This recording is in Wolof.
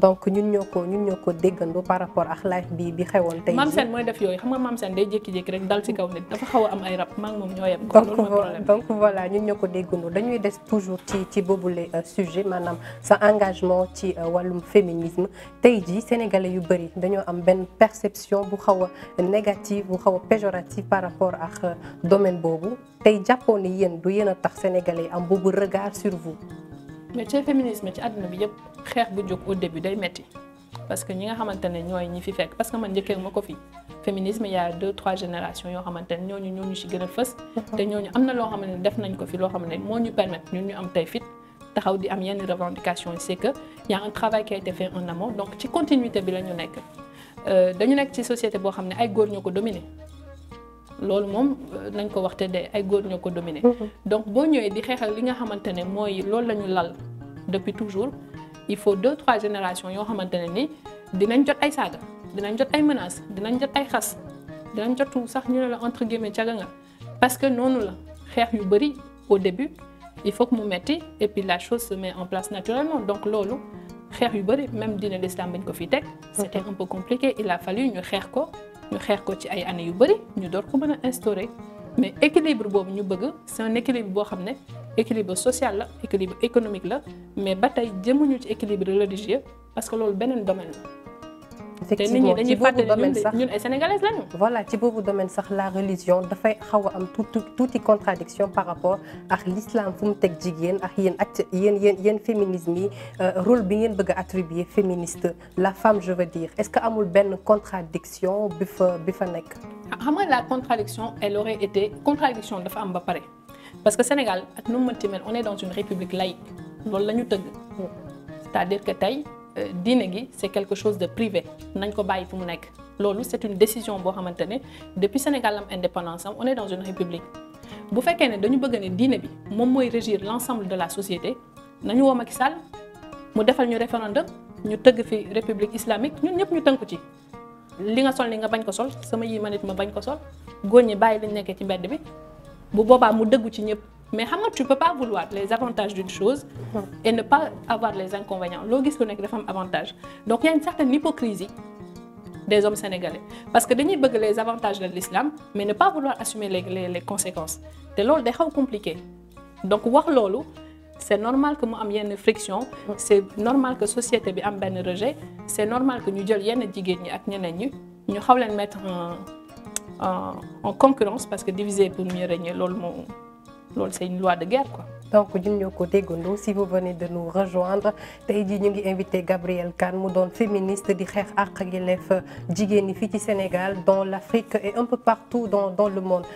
donc ñun ñoo ko ñun ñoo ko déggandoo par rapport ak live bi bi xewoon tey. maam seen mooy def yooyu xam nga maam seen day jékki-jékki rek dal ci kaw nit dafa xaw a am ay rab maa ngi moom ñoo yem. donc voilà ñun ñoo ko déggandoo dañuy des toujours ci ci boobule euh, sujet maanaam sa engagement ci euh, wàllum féminisme tey jii sénégalais yu bëri dañoo am benn perception bu xaw a négative bu xaw a péjorative par rapport ak euh, domaine boobu tey jàppoon ni yéen du yéen a tax yi am boobu regard sur vous. mais ci ci àdduna bi yëpp. xeex bu jóg au début day metti parce que ñi nga xamante ne ñooy ñi fi fekk parce que man njëkkee ma ko fi féminisme y a deux trois générations yoo xamante ne ñooñu ñooñu ci gën a fës te ñooñu am na loo xam ne def nañ ko fi loo xam moo ñu permettre ñun ñu am tey fit taxaw di am yenn revendication yi a un travail qui a donc ci continuité bi la ñu nekk euh, dañu nekk ci société boo xam ne ay góor ñoo ko dominer loolu moom euh, nañ ko waxte de ay góor ñoo ko dominer mm-hmm. donc boo ñëwee di xeexal li nga xamante ne mooy loolu la ñu lal depuis toujours il faut deux trois générations yoo xamante ne ni dinañ jot ay saaga dinañ jot ay menaces dinañ jot ay xas dinañ jotu sax ñu ne la entre guillemets caga nga parce que noonu la xeex yu bëri au début il faut que mu metti et puis la chose se met en place naturellement donc loolu xeex yu bëri même dina l'islam bañ ko fi teg c'était un peu compliqué il a yi ñu xeex ko ñu xeex ko ci ay années yu bëri ñu door ko mën a instaurer mais équilibre boobu ñu bëgg san un boo xam ne équilibre social la équilibre économique la mais ba tey jëmuñu ci équilibre religieux parce que loolu beneen domaine la. effectivement ci boobu domaine sax ñun ay sénégalaises lañu. voilà ci boobu domaine sax la religion dafay xaw a am tuuti tuuti contradiction par rapport ak l'islam fu mu teg jigéen ak yéen act yéen yéen yéen féminisme yi euh, rôle bi ngeen bëgg a attribuer féministe la femme je veux dire est-ce que amul benn contradiction bi fa bi fa nekk. Ah, xam nga la contradiction elle aurait été contradiction dafa am ba pare. parce que Sénégal ak nu mu mënti mel on est dans une république laïque loolu la ñu tëgg cest à que tey euh, diine gi c'est quelque chose de privé nañ ko bàyyi fu mu nekk loolu c'est une décision boo xamante ne depuis Sénégal am indépendance am on est une république bu fekkee ne dañu bëgg ne diine bi moom mooy régir l'ensemble de la société nañu woo Macky Sall mu defal ñu référendum ñu tëgg fi république islamique ñun ñëpp ñu tënku ci li nga sol ni nga bañ ko sol sama yi ma nit ma bañ ko sol góor ñi bàyyi lañ nekkee ci mbedd bi bu boobaa mu dëggu ci ñëpp mais xam nga tu peux pas vouloir les avantages d'une chose et ne pas avoir les inconvénients loo gis ku nekk dafa am avantage donc il y a une certaine hypocrisie des hommes sénégalais parce que dañuy bëgg les avantages de l'islam mais ne pas vouloir assumer les les, les conséquences te loolu de xaw compliqué donc wax loolu c'est normal que mu am yenn friction c'est normal que société bi am benn rejet c'est normal que ñu jël yenn jigéen ñi ak ñeneen ñi en, en concurrence parce que diviser pour mieux régner loolu moo loolu c'est une loi de guerre quoi. donc ñun ñoo ko déggandoo si vous venez de nous rejoindre tey jii ñu ngi invité Gabrielle Kane mu doon féministe di xeex àq ak yelleef jigéen ñi fii ci Sénégal dans l'Afrique et un peu partout dans dans le monde.